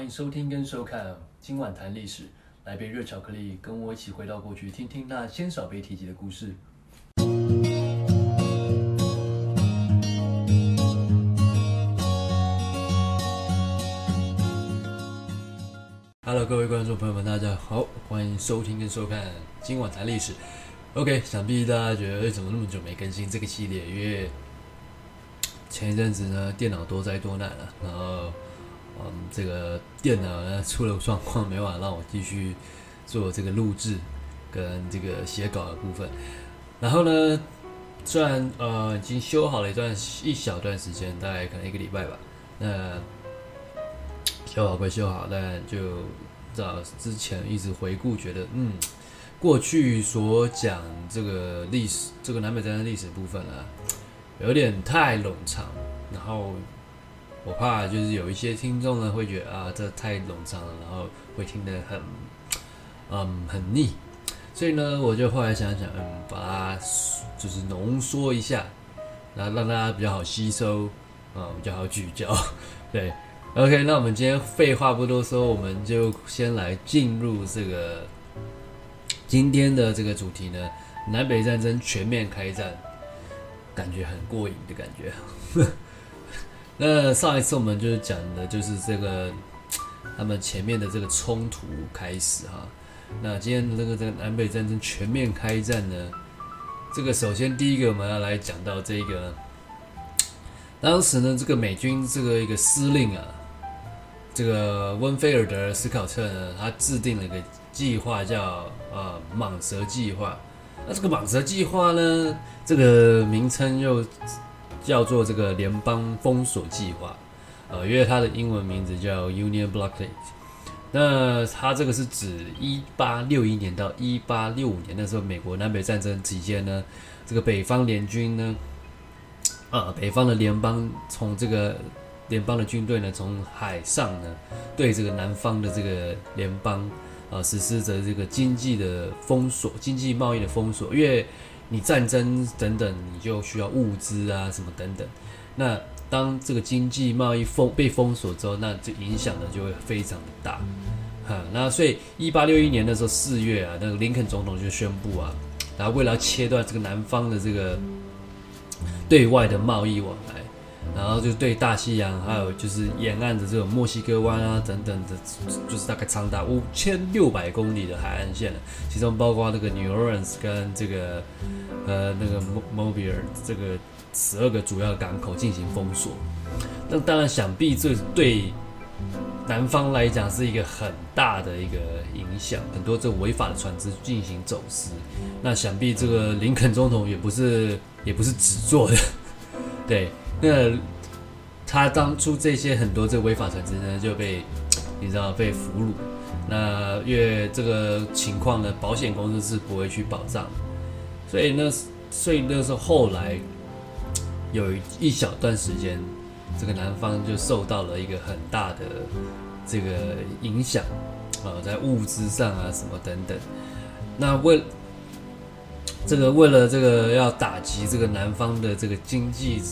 歡迎收聽跟收看今晚談歷史，來杯熱巧克力，跟我一起回到過去，聽聽那鮮少被提及的故事。Hello，各位觀眾朋友們，大家好，歡迎收聽跟收看今晚談歷史。OK，想必大家覺得為什麼那麼久沒更新這個系列，因為前一陣子呢，電腦多災多難了，然後。嗯，這個電腦呢，出了狀況沒完，沒法讓我繼續做這個錄製跟這個寫稿的部分。然後呢，雖然呃已經修好了一段一小段時間，大概可能一個禮拜吧。那修好歸修好，但就早之前一直回顧，覺得嗯，過去所講這個歷史，這個南北戰爭歷史部分啊，有點太冗長，然後。我怕就是有一些聽眾呢會覺得啊，這太冗長了，然後會聽得很，嗯，很膩。所以呢，我就後來想想，嗯，把它就是濃縮一下，然後讓大家比較好吸收，嗯，比較好聚焦。對，OK，那我們今天廢話不多說，我們就先來進入這個今天的這個主題呢，南北戰爭全面開戰，感覺很過癮的感覺。 那上一次我們就是講的，就是這個，他們前面的這個衝突開始哈。那今天的這個南北戰爭全面開戰呢，這個首先第一個我們要來講到這個，當時呢這個美軍這個一個司令啊，這個溫菲爾德斯考特呢，他制定了一個計劃叫呃蟒蛇計劃。那這個蟒蛇計劃呢，這個名稱又。叫做這個聯邦封鎖計劃，呃，因為它的英文名字叫 Union Blockade。那它這個是指一八六一年到一八六五年那時候美國南北戰爭期間呢，這個北方聯軍呢，啊、呃，北方的聯邦從這個聯邦的軍隊呢，從海上呢對這個南方的這個聯邦啊、呃，實施着這個經濟的封鎖、經濟貿易的封鎖，因為。你戰爭等等，你就需要物資啊，什麼等等。那當這個經濟貿易封被封鎖之後，那這影響呢就會非常的大。哈、啊，那所以一八六一年的時候四月啊，那個林肯總統就宣布啊，然後為了要切斷這個南方的這個對外的貿易往來。然後就對大西洋，還有就是沿岸的這種墨西哥灣啊等等的，就是大概長達五千六百公里的海岸線，其中包括這個 New Orleans 跟這個呃那個 Mobile 這個十二個主要港口進行封鎖。那當然，想必這對南方來講是一個很大的一個影響，很多這違法的船隻進行走私。那想必這個林肯總統也不是也不是紙做的，對。那他當初這些很多這個違法船隻呢，就被你知道被俘虜。那因為這個情況呢，保險公司是不會去保障。所以那所以那時候後來有一小段時間，這個南方就受到了一個很大的這個影響啊，在物資上啊什麼等等。那為這個為了這個要打擊這個南方的這個經濟。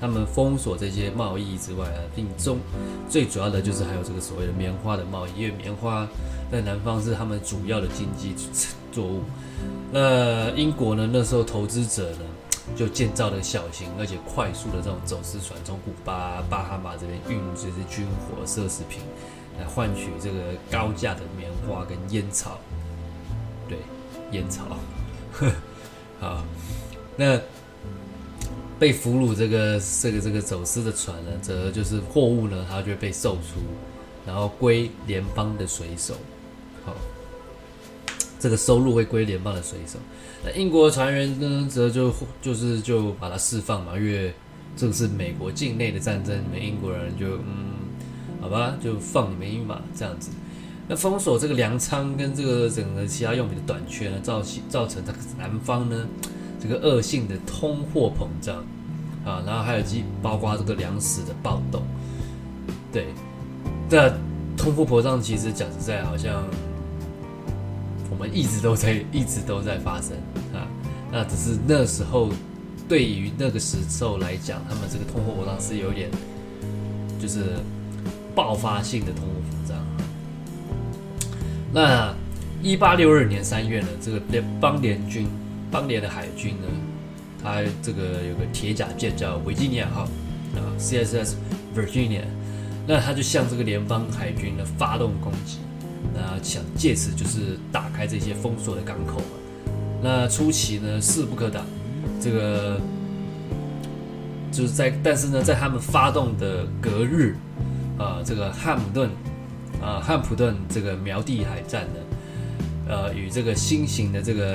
他們封鎖這些貿易之外啊，並中最主要的就是還有這個所謂的棉花的貿易，因為棉花在南方是他們主要的經濟作物。那英國呢，那時候投資者呢就建造了小型而且快速的這種走私船，從古巴、巴哈馬這邊運這些軍火、奢侈品，來換取這個高價的棉花跟煙草。對，煙草， 好，那。被俘虜這個這個這個走私的船呢，則就是貨物呢，它就會被售出，然後歸聯邦的水手。好，這個收入會歸聯邦的水手。那英國船員呢，則就就是就把它釋放嘛，因為這個是美國境內的戰爭，你們英國人就嗯，好吧，就放你們一馬這樣子。那封鎖這個糧倉跟這個整個其他用品的短缺呢，造造成它南方呢。一個惡性的通貨膨脹啊，然後還有即包括這個糧食的暴動，對。那通貨膨脹其實講實在，好像我們一直都在，一直都在發生啊。那只是那時候對於那個時候來講，他們這個通貨膨脹是有點就是爆發性的通貨膨脹。那一八六二年三月呢，這個聯邦聯軍。當年的海軍呢，他這個有個鐵甲艦叫維吉尼亞號啊，CSS Virginia，那他就向這個聯邦海軍呢發動攻擊，那想借此就是打開這些封鎖的港口嘛。那初期呢勢不可擋，這個就是在但是呢在他們發動的隔日啊、呃，這個漢普頓啊、呃、漢普頓這個錨地海戰呢，呃與這個新型的這個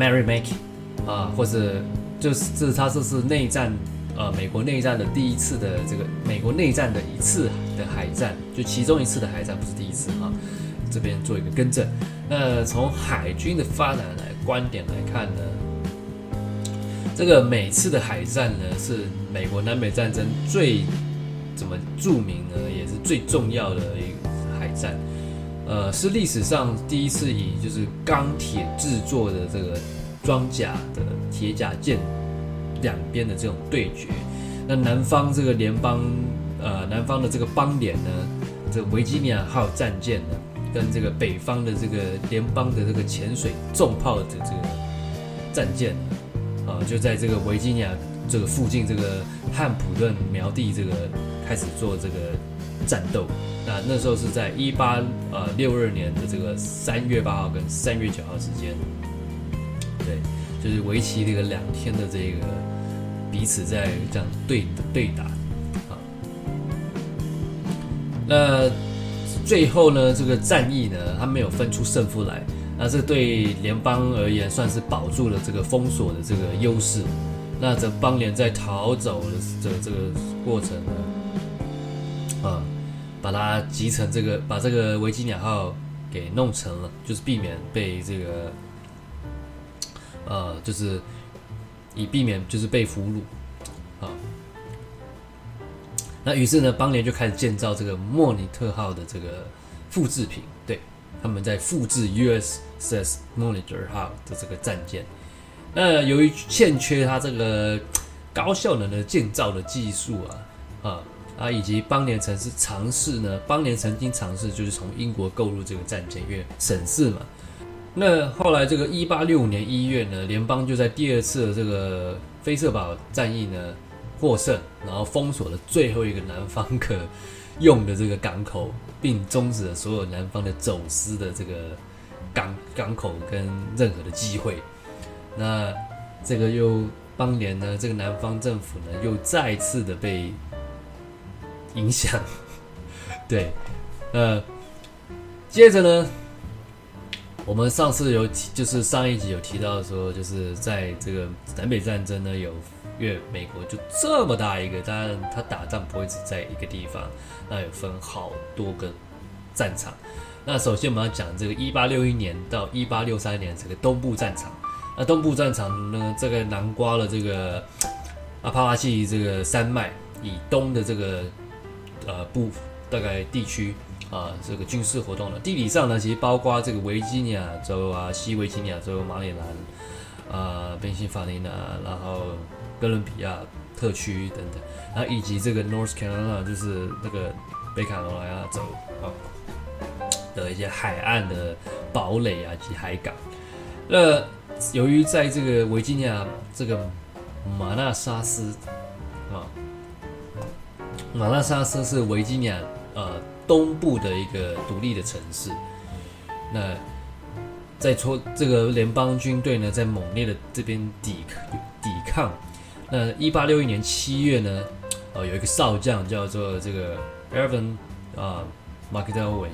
Merrimack 啊，或是就是這是他這是內戰呃、啊、美國內戰的第一次的這個美國內戰的一次的海，的海戰，就其中一次的海戰不是第一次哈、啊，這邊做一個更正。那從海軍的發展來觀點來看呢，這個每次的海戰呢是美國南北戰爭最怎麼著名呢，也是最重要的一海戰。呃，是歷史上第一次以就是鋼鐵制作的這個裝甲的鐵甲艦，兩邊的這種對決。那南方這個聯邦，呃，南方的這個邦聯呢，這維吉尼亞號戰艦呢、啊，跟這個北方的這個聯邦的這個潛水重炮的這個戰艦啊，啊、呃，就在這個維吉尼亞這個附近這個漢普頓苗地這個開始做這個。戰鬥，那那時候是在一八呃六二年的這個三月八號跟三月九號之間，對，就是為期這個兩天的這個彼此在這樣對對打，啊，那最後呢，這個戰役呢，它沒有分出勝負來，那這對聯邦而言算是保住了這個封鎖的這個優勢，那這邦聯在逃走的這這個過程呢，啊、呃。把它集成這個，把這個維吉尼亞號給弄成了，就是避免被這個，呃，就是以避免就是被俘虜啊。那於是呢，邦聯就開始建造這個莫尼特號的這個複制品，對，他們在複制 U.S.S. Monitor 號的這個戰艦。那由於欠缺它這個高效能的建造的技術啊，啊、呃。啊，以及邦聯曾是嘗試呢，邦聯曾經嘗試，就是從英國購入這個戰艦，因為省事嘛。那後來這個一八六五年一月呢，聯邦就在第二次的這個菲舍堡戰役呢獲勝，然後封鎖了最後一個南方可用的這個港口，並終止了所有南方的走私的這個港港口跟任何的機會。那這個又邦聯呢，這個南方政府呢又再次的被。影響，對，呃，接着呢，我們上次有提，就是上一集有提到說，就是在這個南北戰爭呢，有，因為美國就這麼大一個，但它打仗不會只在一個地方，那有分好多個戰場。那首先我們要講這個一八六一年到一八六三年這個東部戰場。那東部戰場呢，這個南刮了這個阿帕拉契這個山脈以東的這個。呃，部大概地區啊，這個軍事活動的地理上呢，其實包括這個維吉尼亞州啊、西維吉尼亞州、馬里蘭啊、賓夕法尼亞啊，然後哥倫比亞特區等等，然後以及這個 North Carolina，就是那個北卡羅來納州啊的一些海岸的堡壘啊及海港。那由於在這個維吉尼亞這個馬納薩斯。馬納薩斯是維吉尼亞呃東部的一個獨立的城市。那在挫這個聯邦軍隊呢，在猛烈的這邊抵抗抵抗。那一八六一年七月呢，呃，有一個少將叫做這個 Irvin 啊 McDowell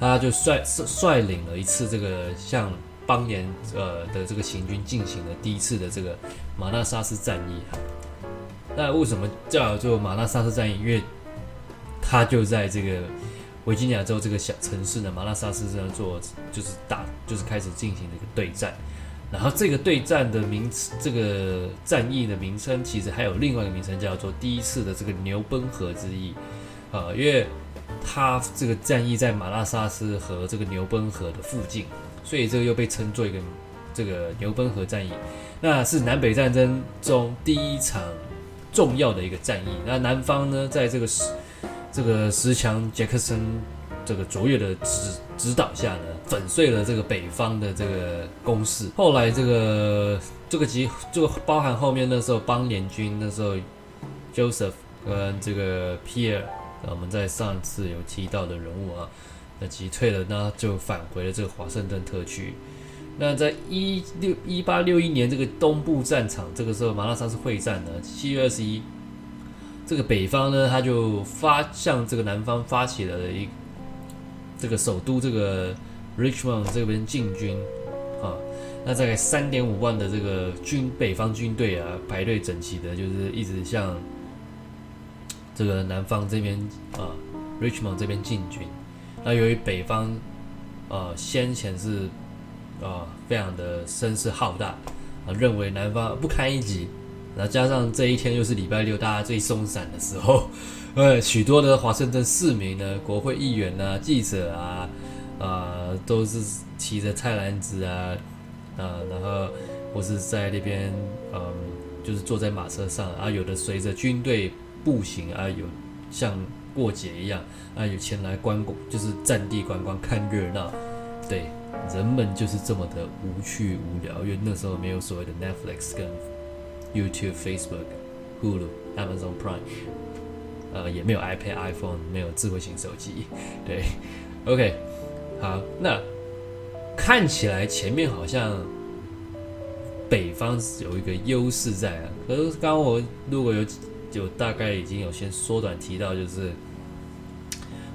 他就率率領了一次這個向邦聯呃的這個行軍，進行了第一次的這個馬納薩斯戰役。那為什麼叫做馬拉薩斯戰役？因為他就在這個維吉尼亞州這個小城市呢，馬拉薩斯這樣做就是打，就是開始進行這個對戰。然後這個對戰的名，這個戰役的名稱其實還有另外一個名稱叫做第一次的這個牛奔河之役，啊、呃，因為他這個戰役在馬拉薩斯和這個牛奔河的附近，所以這個又被稱作一個這個牛奔河戰役。那是南北戰爭中第一場重要的一個戰役，那南方呢，在這個石這個石牆傑克森這個卓越的指指導下呢，粉碎了這個北方的這個攻勢。後來這個這個集就包含後面那時候邦聯軍那時候 Joseph 跟這個 Pierre，我們在上次有提到的人物啊，那擊退了呢，那就返回了這個華盛頓特區。那在一六一八六一年，這個東部戰場，這個時候馬納薩斯會戰的七月二十一，這個北方呢，他就發向這個南方發起了一個這個首都這個 Richmond 這邊進軍啊，那大概三點五萬的這個軍北方軍隊啊，排隊整齊的，就是一直向這個南方這邊啊 Richmond 這邊進軍，那由於北方呃、啊、先前是啊，非常的聲勢浩大，啊，認為南方不堪一擊，然後加上這一天又是禮拜六，大家最鬆散的時候，呃、哎，許多的華盛頓市民呢、國會議員啊，記者啊，啊，都是騎着菜籃子啊，啊，然後或是在那邊，嗯，就是坐在馬車上，啊，有的隨着軍隊步行啊，有像過節一樣，啊，有前來觀光，就是戰地觀光看熱鬧，對。人們就是這麼的無趣無聊，因為那時候沒有所謂的 Netflix、跟 YouTube、Facebook、Hulu、Amazon Prime，呃，也沒有 iPad、iPhone，沒有智慧型手機。對，OK，好，那看起來前面好像北方有一個優勢在啊，可是剛剛我如果有就大概已經有先縮短提到，就是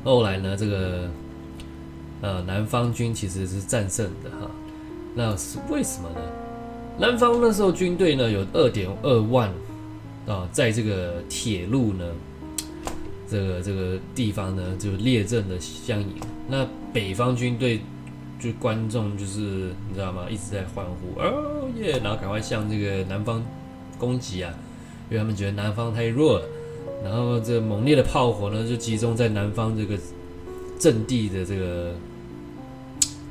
後來呢這個。呃，南方軍其實是戰勝的哈，那是為什麼呢？南方那時候軍隊呢有二點二萬啊，在這個鐵路呢，這個這個地方呢就列陣的相迎。那北方軍隊就觀眾就是你知道嗎？一直在歡呼哦耶，然後趕快向這個南方攻擊啊，因為他們覺得南方太弱了。然後這猛烈的炮火呢就集中在南方這個陣地的這個。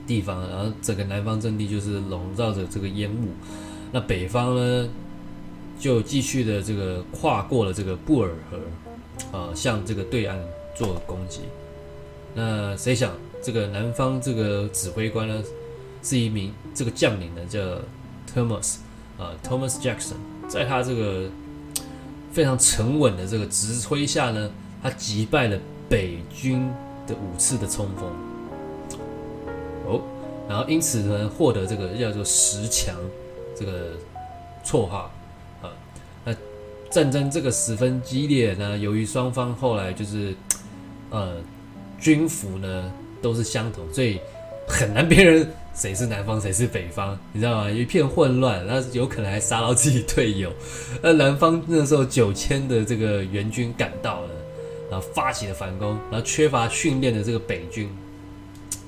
地方，然後整個南方陣地就是籠罩着這個煙霧。那北方呢，就繼續的這個跨過了這個布爾河，啊、呃，向這個對岸做攻擊。那誰想這個南方這個指揮官呢，是一名這個將領呢，叫 Thomas 啊、呃，Thomas Jackson，在他這個非常沉穩的這個指揮下呢，他擊敗了北軍的五次的衝鋒。然後因此呢，獲得這個叫做石牆，這個綽號啊。那戰爭這個十分激烈呢，由於雙方後來就是，呃，軍服呢都是相同，所以很難辨認誰是南方誰是北方，你知道嗎？一片混亂，那有可能還殺到自己隊友。那南方那時候九千的這個援軍趕到了，然後發起了反攻，然後缺乏訓練的這個北軍。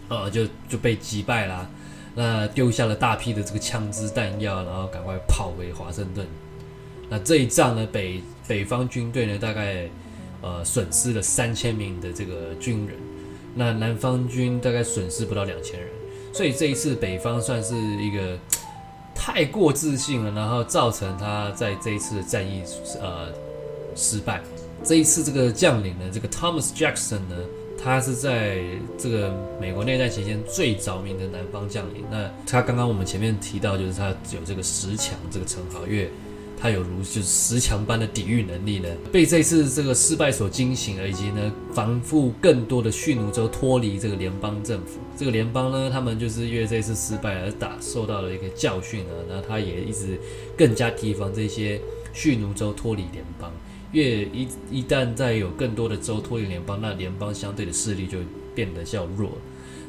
呃，就就被擊敗了啊。那丟下了大批的這個槍支彈藥，然後趕快跑回華盛頓。那這一仗呢，北北方軍隊呢，大概呃損失了三千名的這個軍人，那南方軍大概損失不到兩千人。所以這一次北方算是一個太過自信了，然後造成他在這一次的戰役呃失敗。這一次這個將領呢，這個 Thomas Jackson 呢。他是在這個美國內戰期間，最著名的南方將領。那他剛剛我們前面提到，就是他有這個石牆這個稱號，因為他有如就是石牆般的抵禦能力呢，被這次這個失敗所驚醒，以及呢防復更多的蓄奴州脫離這個聯邦政府。這個聯邦呢，他們就是因為這次失敗而打受到了一個教訓呢，那他也一直更加提防這些蓄奴州脫離聯邦。越一一旦再有更多的州脫離聯邦，那聯邦相對的勢力就變得比較弱。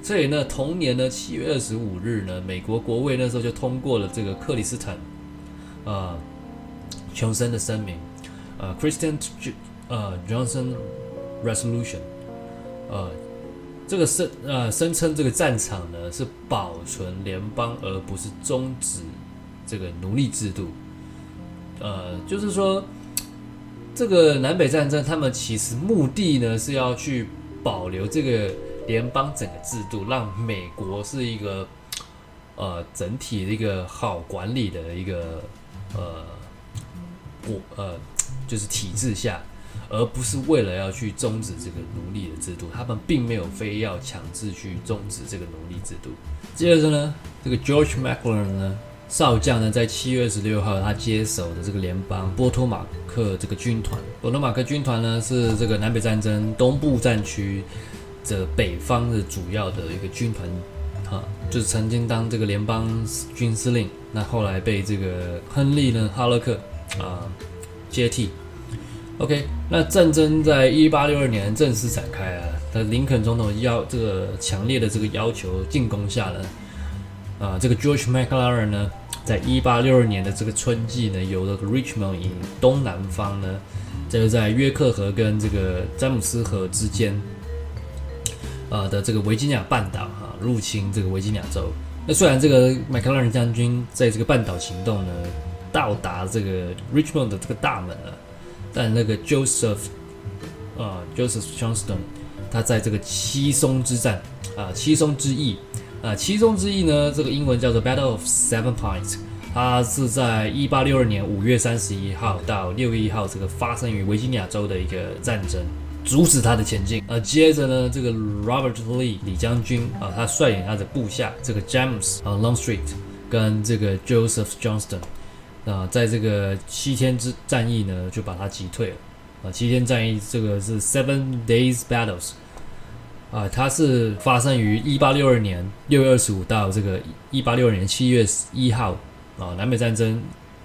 所以呢，同年呢，七月二十五日呢，美國國會那時候就通過了這個克里斯坦，呃，瓊森的聲明，呃，Christian 呃 Johnson Resolution，呃，這個聲呃聲稱這個戰場呢是保存聯邦而不是終止這個奴隸制度，呃，就是說。這個南北戰爭，他們其實目的呢是要去保留這個聯邦整個制度，讓美國是一個呃整體的一個好管理的一個呃國呃就是體制下，而不是為了要去終止這個奴隸的制度，他們並沒有非要強制去終止這個奴隸制度。接着呢，這個 George McClellan 呢。少將呢，在七月二十六號，他接手的這個聯邦波托馬克這個軍團。波托馬克軍團呢，是這個南北戰爭東部戰區的北方的主要的一個軍團，哈、啊，就曾經當這個聯邦軍司令。那後來被這個亨利呢、哈勒克啊接替。OK，那戰爭在一八六二年正式展開啊，在林肯總統要這個強烈的這個要求進攻下呢。啊，這個 George McClellan 呢，在一八六二年的這個春季呢，由這個 Richmond 以東南方呢，就是在約克河跟這個詹姆斯河之間，啊、的這個維吉尼亞半島哈、啊，入侵這個維吉尼亞州。那雖然這個 McClellan 將軍在這個半島行動呢，到達這個 Richmond 的這個大門了，但那個 Joseph，啊 Joseph Johnston，他在這個七松之戰啊七松之役。那其中之一呢，這個英文叫做 Battle of Seven Pines，它是在一八六二年五月三十一號到六月一號這個發生於維吉尼亞州的一個戰爭，阻止他的前進。啊，接着呢，這個 Robert Lee 李將軍啊，他率領他的部下這個 James 啊 Longstreet，跟這個 Joseph Johnston，啊，在這個七天之戰役呢，就把他擊退了。啊，七天戰役，這個是 Seven Days Battles。啊，它是發生於一八六二年六月二十五到這個一八六二年七月一號，啊，南北戰爭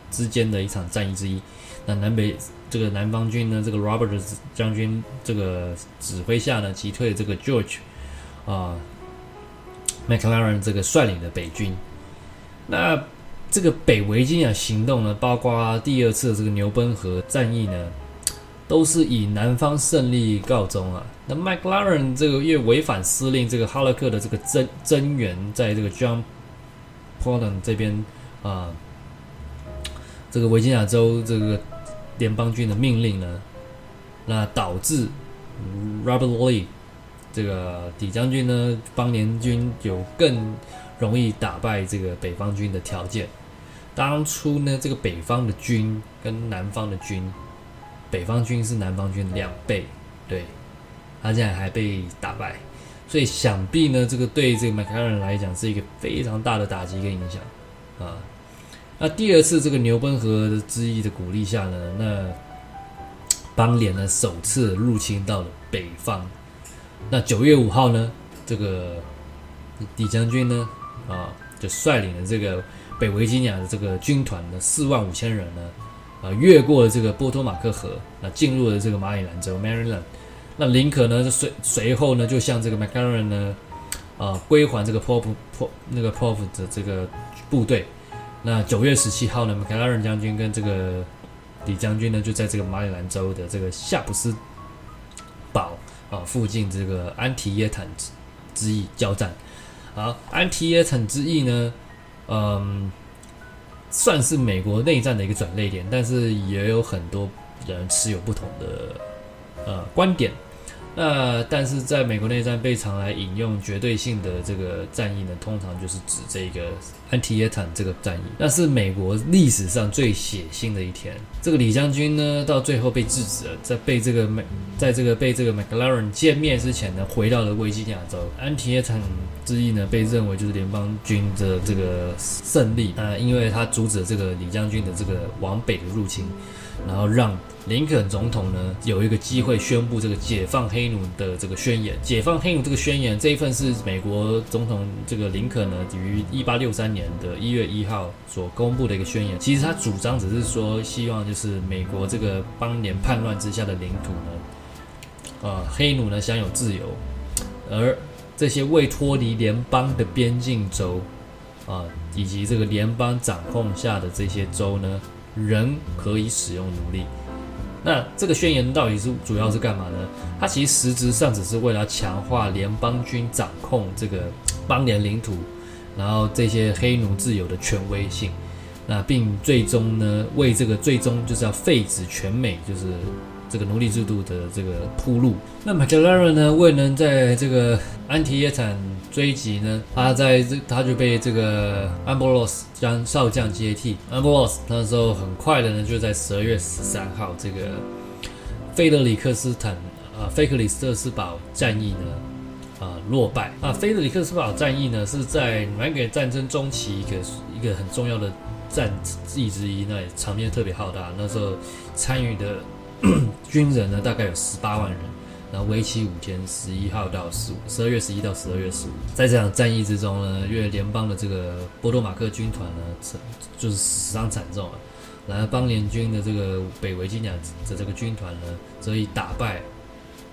之間的一場戰役之一。那南北這個南方軍呢，這個 Robert 將軍這個指揮下呢，擊退這個 George 啊，McClellan 這個率領的北軍。那這個北維京啊行動呢，包括第二次的這個牛奔河戰役呢。都是以南方勝利告終啊！那麥克拉倫這個越違反司令這個哈勒克的這個增增援，在這個 John Pope 這邊啊，這個維吉尼亞州這個聯邦軍的命令呢，那導致 Robert Lee 這個底將軍呢，邦聯軍有更容易打敗這個北方軍的條件。當初呢，這個北方的軍跟南方的軍。北方軍是南方軍的兩倍，對，他現在還被打敗，所以想必呢，這個對這個麥克萊倫來講是一個非常大的打擊跟影響啊。那第二次這個牛奔河之役的鼓勵下呢，那邦聯呢首次入侵到了北方。那九月五號呢，這個李將軍呢啊，就率領了這個北維吉尼亞的這個軍團的四萬五千人呢，啊，越過了這個波托馬克河，啊，進入了這個馬里蘭州 （Maryland）。那林肯呢，隨隨後呢，就向這個麥克阿倫呢，啊、呃，歸還這個普布普那個普布的這個部隊。那九月十七號呢，麥克阿倫將軍跟這個李將軍呢，就在這個馬里蘭州的這個夏普斯堡啊、呃、附近這個安提耶坦之之役交戰。好，安提耶坦之役呢，嗯。算是美國內戰的一個轉捩點，但是也有很多人持有不同的呃觀點。那但是，在美國內戰被常來引用絕對性的這個戰役呢，通常就是指這個安提耶坦這個戰役。那是美國歷史上最血腥的一天。這個李將軍呢，到最後被制止了，在被這個美，在這個在、這個、被這個 McLaren 見面之前呢，回到了維吉尼亞州。安提耶坦之役呢，被認為就是聯邦軍的這個勝利。那因為他阻止了這個李將軍的這個往北的入侵。然後讓林肯總統呢，有一個機會宣布這個解放黑奴的這個宣言。解放黑奴這個宣言這一份是美國總統這個林肯呢於一八六三年的一月一號所公布的一個宣言。其實他主張只是說，希望就是美國這個邦聯叛亂之下的領土呢，啊黑奴呢享有自由，而這些未脫離聯邦的邊境州，啊，以及這個聯邦掌控下的這些州呢。人可以使用奴隸，那這個宣言到底是主要是幹嘛呢？它其實實質上只是為了要強化聯邦軍掌控這個邦聯領土，然後這些黑奴自由的權威性，那並最終呢，為這個最終就是要廢止全美就是。這個奴隸制度的這個鋪路。那麥克萊倫呢未能在這個安提耶坦追擊呢，他在這他就被這個安博羅斯將少將接替。安博羅斯那時候很快的呢，就在十二月十三號這個費德里克斯坦啊費克里斯特斯堡戰役呢啊落敗。啊，費德里克斯堡戰役呢是在南北戰爭中期一個一個很重要的戰役之一，那場面特別浩大。那時候參與的。 軍人呢，大概有十八萬人，然後為期五天，十一號到十五，十二月十一到十二月十五，在這場戰役之中呢，因為聯邦的這個波多馬克軍團呢，就是死傷慘重，然後邦聯軍的這個北維吉尼亞的這個軍團呢，則以打敗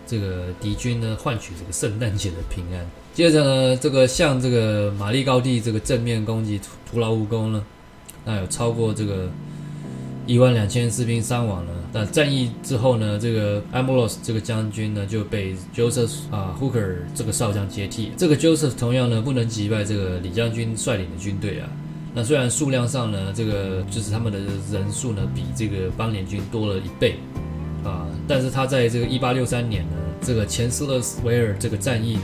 這個敵軍呢，換取這個聖誕節的平安。接着呢，這個向這個瑪麗高地這個正面攻擊徒勞無功呢，那有超過這個。一萬兩千士兵傷亡了。那戰役之後呢，這個 Ambrose 這個將軍呢就被 Joseph 啊 Hooker 這個少將接替。這個 Joseph 同樣呢不能擊敗這個李將軍率領的軍隊啊。那雖然數量上呢，這個就是他們的人數呢比這個邦聯軍多了一倍啊，但是他在這個一八六三年呢，這個錢斯勒斯維爾這個戰役呢，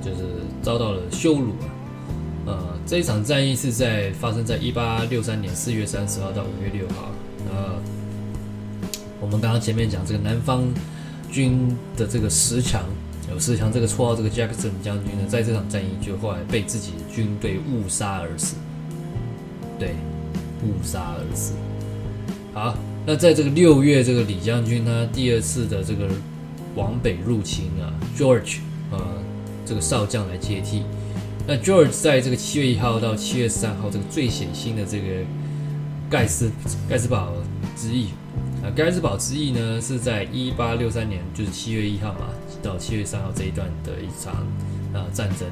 就是遭到了羞辱啊。呃，這一場戰役是在發生在一八六三年四月三十號到五月六號。呃，我們剛剛前面講這個南方軍的這個石牆，有石牆這個綽號，這個 Jackson 將軍呢，在這場戰役就後來被自己的軍隊誤殺而死。對，誤殺而死。好，那在這個六月，這個李將軍他第二次的這個往北入侵啊，George 啊、呃，這個少將來接替。那 George 在這個七月一號到七月三號這個最顯性的這個。蓋斯蓋斯堡之役，啊，蓋斯堡之役呢是在一八六三年，就是七月一號嘛，到七月三號這一段的一場啊、呃、戰爭。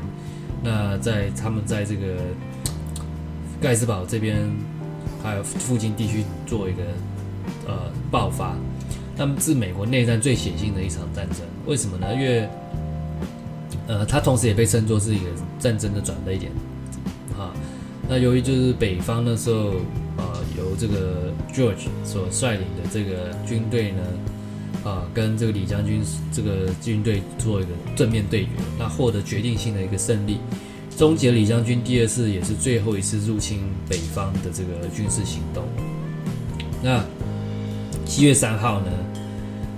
那在他們在這個蓋斯堡這邊還有附近地區做一個呃爆發，他們是美國內戰最血腥的一場戰爭。為什麼呢？因為呃，它同時也被稱作是一個戰爭的轉折點啊。那由於就是北方那時候。這個 George 所率領的這個軍隊呢，啊、呃，跟這個李將軍這個軍隊做一個正面對決，那獲得決定性的一個勝利，終結李將軍第二次也是最後一次入侵北方的這個軍事行動。那七月三號呢，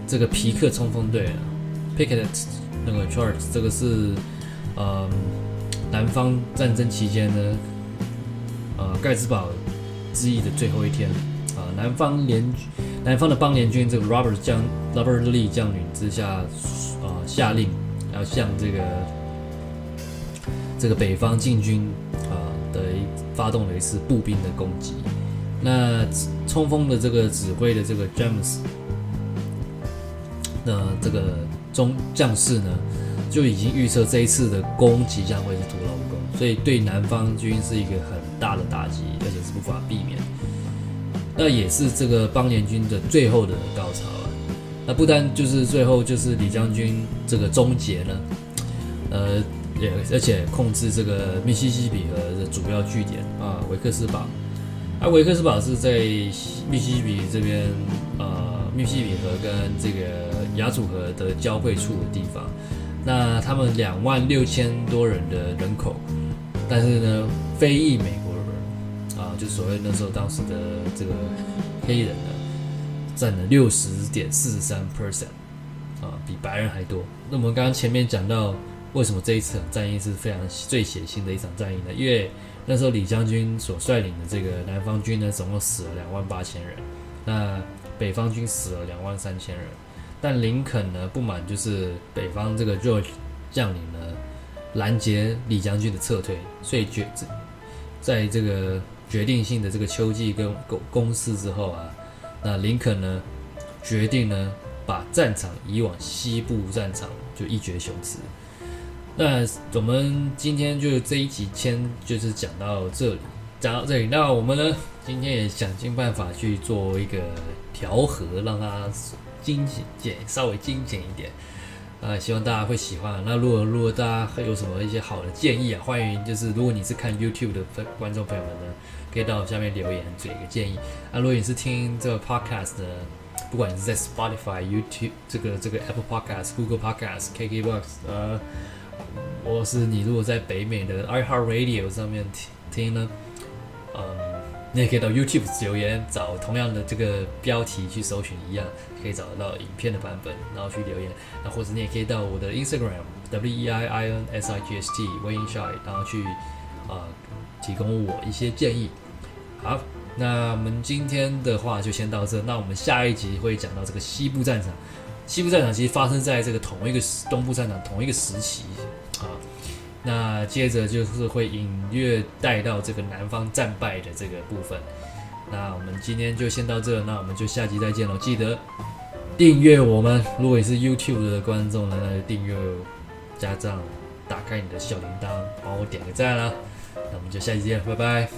這個皮克衝鋒隊 （Pickett） 那個 Charge，這個是呃，南方戰爭期間呢，呃，蓋茨堡。之役的最後一天，啊，南方聯南方的邦聯軍這個 Robert 將 Robert Lee 將領之下，啊、呃，下令要向這個這個北方進軍，啊、呃、的發動了一次步兵的攻擊。那衝鋒的這個指揮的這個 James，那這個中將士呢就已經預測這一次的攻擊將會是徒勞無功，所以對南方軍是一個很大的打擊。無法避免，那也是這個邦聯軍的最後的高潮啊，那不單就是最後就是李將軍這個終結呢，呃，也而且控制這個密西西比河的主要據點啊，維克斯堡。而、啊、維克斯堡是在密西西比這邊，呃，密西比河跟這個雅祖河的交匯處的地方。那他們兩萬六千多人的人口，但是呢，非裔美。就所謂那時候當時的這個黑人呢，占了六十點四十三 percent 啊，比白人還多。那我們剛剛前面講到，為什麼這一次戰役是非常最血腥的一場戰役呢？因為那時候李將軍所率領的這個南方軍呢，總共死了兩萬八千人，那北方軍死了兩萬三千人。但林肯呢不滿，就是北方這個 George 將領呢攔截李將軍的撤退，所以決在這個。決定性的這個秋季跟攻攻勢之後啊，那林肯呢決定呢把戰場移往西部戰場，就一決雄雌。那我們今天就這一集先就是講到這裡，講到這裡。那我們呢今天也想盡辦法去做一個調和，讓它精簡稍微精簡一點啊、呃，希望大家會喜歡。那如果如果大家有什麼一些好的建議啊，歡迎就是如果你是看 YouTube 的觀眾朋友們呢。可以到我下面留言，做一個建議。啊，如果你是聽這個 Podcast 的，不管你是在 Spotify、YouTube 這個、這個 Apple Podcast、Google Podcast、KKBox，呃，或是你如果在北美的 iHeartRadio 上面聽，聽呢，嗯、呃，你也可以到 YouTube 留言，找同樣的這個標題去搜尋一樣，可以找得到影片的版本，然後去留言。那、啊、或者你也可以到我的 Instagram W E I I N S I G S T w a Yin Shy，然後去、呃、提供我一些建議。好，那我們今天的話就先到這。那我們下一集會講到這個西部戰場，西部戰場其實發生在這個同一個東部戰場同一個時期啊。那接着就是會隱約帶到這個南方戰敗的這個部分。那我們今天就先到這，那我們就下集再見了。記得訂閱我們，如果也是 YouTube 的觀眾呢，那就訂閱加、加贊打開你的小鈴鐺，幫我點個讚啦、啊。那我們就下集見，拜拜。